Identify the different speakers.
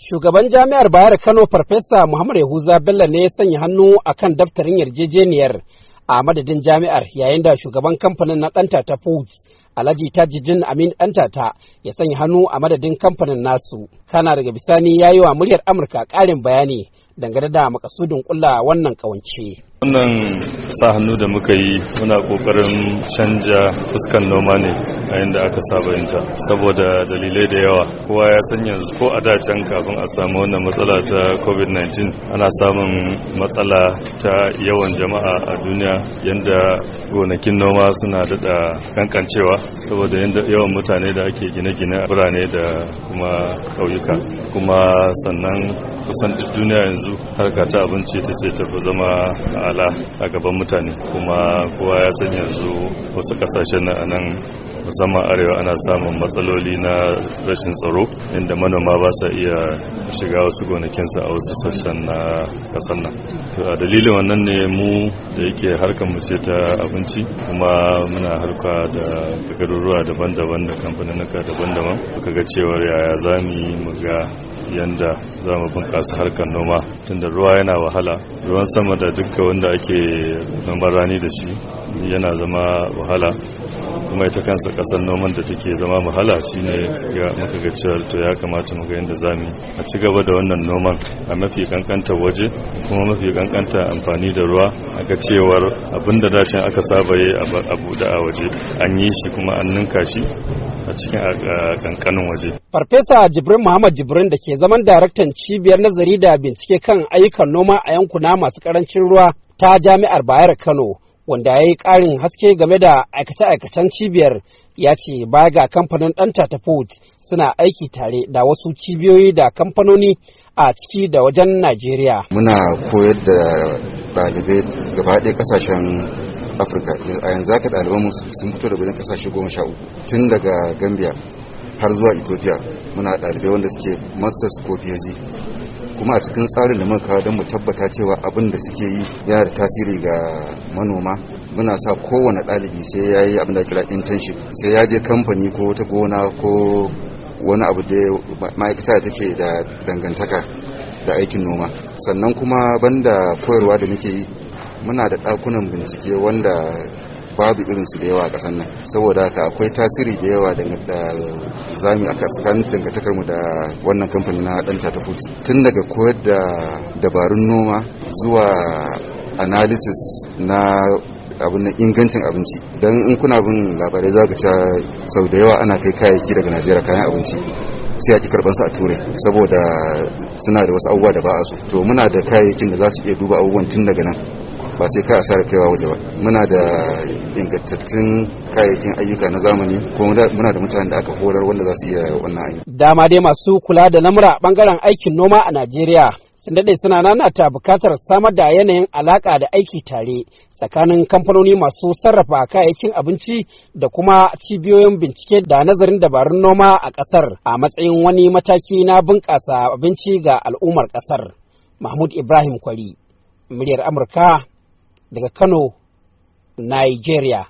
Speaker 1: Shugaban jami'ar Bayar Kano Farfesa Muhammad Yahuza Bello ne ya sanya hannu a kan daftarin yarjejeniyar a madadin jami'ar yayin da shugaban kamfanin na ɗanta ta Foods Alhaji Tajidin Amin ɗantata ya sanya hannu a madadin kamfanin nasu. Kana daga bisani ya yi wa muryar Amurka ƙarin bayani dangane da makasudin ƙulla wannan ƙawance.
Speaker 2: wannan sa hannu da muka yi muna kokarin canja fuskan noma ne a yadda aka saba yinta saboda dalilai da yawa kowa ya san yanzu ko a da can kafin a samu wannan matsala ta covid-19 ana samun matsala ta yawan jama'a a duniya yadda gonakin noma suna daɗa kankancewa saboda yawan mutane da ake gine-gine a birane da kuma ƙauyuka kuma sannan kusan duniya yanzu harka ta abinci ta ce tafi zama a ala a gaban mutane kuma kowa ya san yanzu wasu kasashen a nan musamman arewa ana samun matsaloli na rashin tsaro inda manoma ba sa iya shiga wasu sa a wasu sassan na kasan nan to a dalilin wannan ne mu da yake harkar mu ce ta abinci kuma muna harka da garuruwa daban-daban da kamfanin daban-daban kaga ga cewar yaya za mu ga yanda za mu bunƙasa harkar noma tunda ruwa yana wahala ruwan sama da dukka wanda ake noman rani da shi yana zama wahala kuma ita kansa kasar noman da take zama mahala shine ga muka ga cewa to ya kamata mu ga yadda zamu a ci gaba da wannan noman a mafi kankanta waje kuma mafi kankanta amfani da ruwa ga cewar abinda dacin aka saba yi a buɗe a waje an yi shi kuma an ninka shi a cikin kankanin waje.
Speaker 1: Farfesa Jibrin Muhammad Jibrin da ke zaman daraktan cibiyar nazari da bincike kan ayyukan noma a yankuna masu karancin ruwa ta jami'ar Bayar Kano wanda ya yi ƙarin haske game da aikace-aikacen cibiyar ya ce baya ga kamfanin ɗanta ta Ford suna aiki tare da wasu cibiyoyi da kamfanoni a ciki da wajen najeriya
Speaker 3: muna koyar da ɗalibai gaba ɗaya ƙasashen afirka a yanzu haka ɗaliban sun fito da wajen ƙasashe goma sha uku tun daga gambia har zuwa ethiopia muna ɗalibai wanda suke masters ko phd kuma a cikin tsarin da muka kawo don mu tabbata cewa abin da suke yi yana da tasiri ga manoma muna sa kowane ɗalibi sai ya yi abin da kira internship sai ya je kamfani ko ta gona ko wani abu da ma'aikata da take da dangantaka da aikin noma sannan kuma banda koyarwa da muke yi muna da ɗakunan bincike wanda babu irin su da yawa a ƙasar nan saboda haka akwai tasiri da yawa da zami a tsakanin dangantakar mu da wannan kamfanin na dan tata foods tun daga koyar da dabarun noma zuwa analysis na abin nan ingancin abinci don in kuna bin labarai za ka ci sau da yawa ana kai kayayyaki daga najeriya kayan abinci sai a ki karɓar su a turai saboda suna da wasu abubuwa da ba a so to muna da kayayyakin da za su iya duba abubuwan tun daga nan ba sai ka asara kaiwa waje ba muna da ingantattun kayayyakin ayyuka na zamani ko muna da mutanen da aka horar wanda za su iya wannan aiki
Speaker 1: dama dai masu kula da lamura bangaren aikin noma a Najeriya sun daɗe suna nanata bukatar samar da yanayin alaƙa da aiki tare tsakanin kamfanoni masu sarrafa kayayyakin abinci da kuma cibiyoyin bincike da nazarin dabarun noma a ƙasar a matsayin wani mataki na bunƙasa abinci ga al'ummar ƙasar. Mahmud Ibrahim Kwari, muryar Amurka daga Kano, Nigeria.